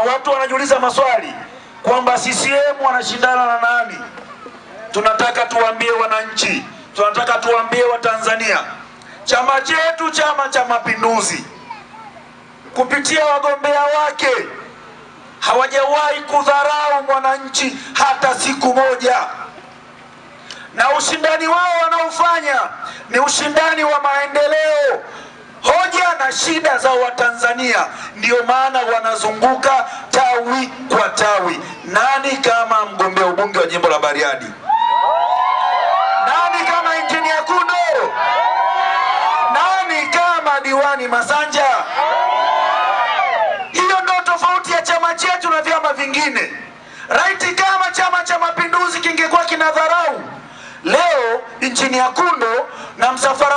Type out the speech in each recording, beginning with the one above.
Kuna watu wanajiuliza maswali kwamba CCM wanashindana na nani? Tunataka tuwaambie wananchi, tunataka tuwaambie Watanzania, chama chetu Chama cha Mapinduzi kupitia wagombea wake hawajawahi kudharau mwananchi hata siku moja, na ushindani wao wanaofanya ni ushindani wa maendeleo hoja na shida za Watanzania, ndio maana wanazunguka tawi kwa tawi. Nani kama mgombea ubunge wa jimbo la Bariadi? Nani kama injinia Kundo? Nani kama diwani Masanja? Hiyo ndo tofauti ya chama chetu na vyama vingine. Raiti, kama Chama cha Mapinduzi kingekuwa kinadharau leo injinia Kundo na msafara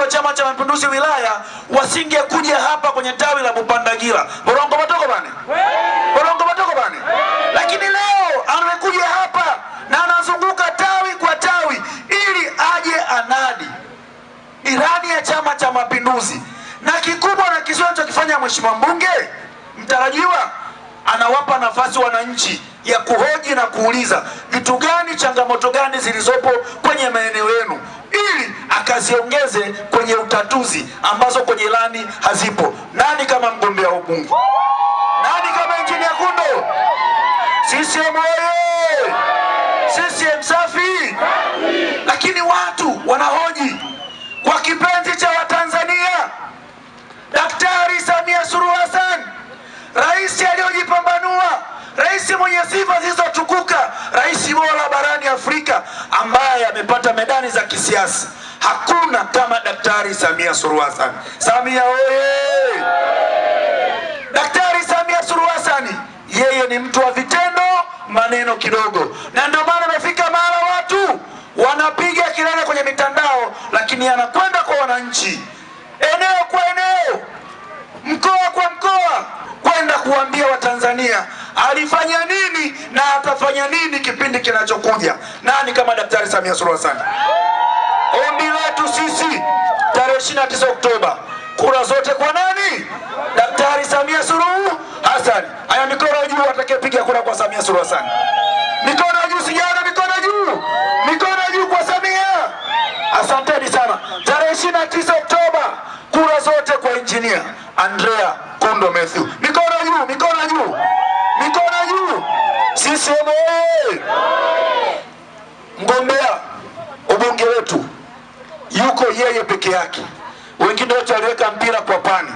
wa Chama cha Mapinduzi wilaya wasingekuja hapa kwenye tawi la Bupandagira borongo matoko bani, borongo matoko bani. Lakini leo amekuja hapa na anazunguka tawi kwa tawi ili aje anadi ilani ya Chama cha Mapinduzi, na kikubwa na kizuri anachokifanya mheshimiwa mbunge mtarajiwa anawapa nafasi wananchi ya kuhoji na kuuliza vitu gani, changamoto gani zilizopo kwenye maeneo yenu ili akaziongeze kwenye utatuzi ambazo kwenye ilani hazipo. Nani kama mgombea ubunge? Nani kama injinia Kundo? CCM oye! CCM ambaye amepata medani za kisiasa hakuna kama Daktari Samia Suluhu Hassan. Samia oye! Daktari Samia Suluhu Hassan yeye ni mtu wa vitendo, maneno kidogo, na ndio maana amefika mahala watu wanapiga kelele kwenye mitandao, lakini anakwenda kwa wananchi, eneo kwa eneo, mkoa kwa mkoa, kwenda kuambia Watanzania alifanya nini na atafanya nini kipindi kinachokuja. Nani kama Daktari Samia Suluhu Hassan? Ombi letu sisi tarehe 29 Oktoba, kura zote kwa nani? Daktari Samia Suluhu Hassan. Haya, mikono juu, atakayepiga kura kwa Samia Suluhu Hassan. Mikono juu, sijana, mikono juu, mikono juu kwa Samia. Asanteni sana. Tarehe 29 Oktoba, kura zote kwa injinia Andrea Kundo Mathew. CCM oye! Mgombea ubunge wetu yuko yeye peke yake, wengine wote waliweka mpira kwa pani,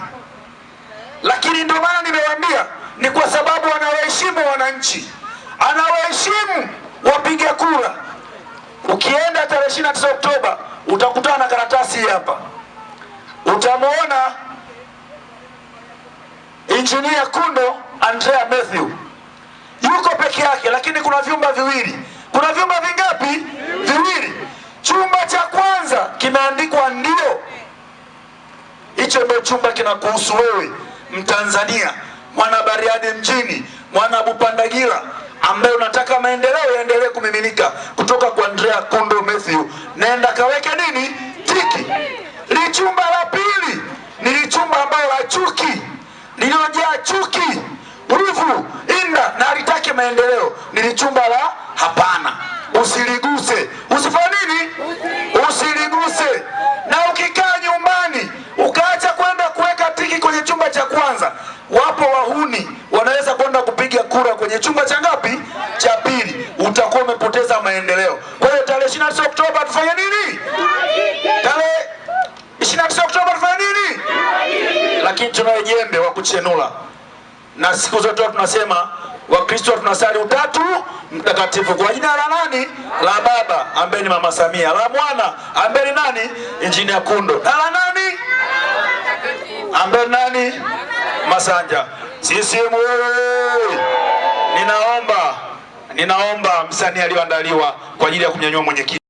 lakini ndio maana nimewaambia ni kwa sababu anawaheshimu wananchi, anawaheshimu wapiga kura. Ukienda tarehe 29 Oktoba utakutana na karatasi hapa, utamwona Injinia Kundo Andrea matthew yuko peke yake, lakini kuna vyumba viwili. Kuna vyumba vingapi? Viwili. Chumba cha kwanza kimeandikwa ndio, hicho ndio chumba kinakuhusu wewe, Mtanzania, mwana Bariadi mjini, mwana bupandagira ambaye unataka maendeleo yaendelee kumiminika kutoka kwa Andrea Kundo Matthew, nenda kaweke nini tiki. Lichumba la pili ni lichumba ambayo la chuki, lililojaa chuki yake maendeleo ni lichumba la hapana, usiliguse. Usifanye nini? Usiliguse. Na ukikaa nyumbani ukaacha kwenda kuweka tiki kwenye chumba cha kwanza, wapo wahuni wanaweza kwenda kupiga kura kwenye chumba cha ngapi? Cha pili. Utakuwa umepoteza maendeleo. Kwa hiyo tarehe 29 Oktoba tufanye nini? Tarehe 29 Oktoba tufanye nini? Lakini tunao jembe wa kuchenula na siku zote tunasema Kristo tunasali utatu mtakatifu kwa jina la nani? La Baba ambaye ni Mama Samia, la Mwana ambaye ni nani? Injinia Kundo, na la nani ambaye nani? Masanja. Sisi wewe, ninaomba ninaomba msanii aliyoandaliwa kwa ajili ya kumnyanyua mwenyekiti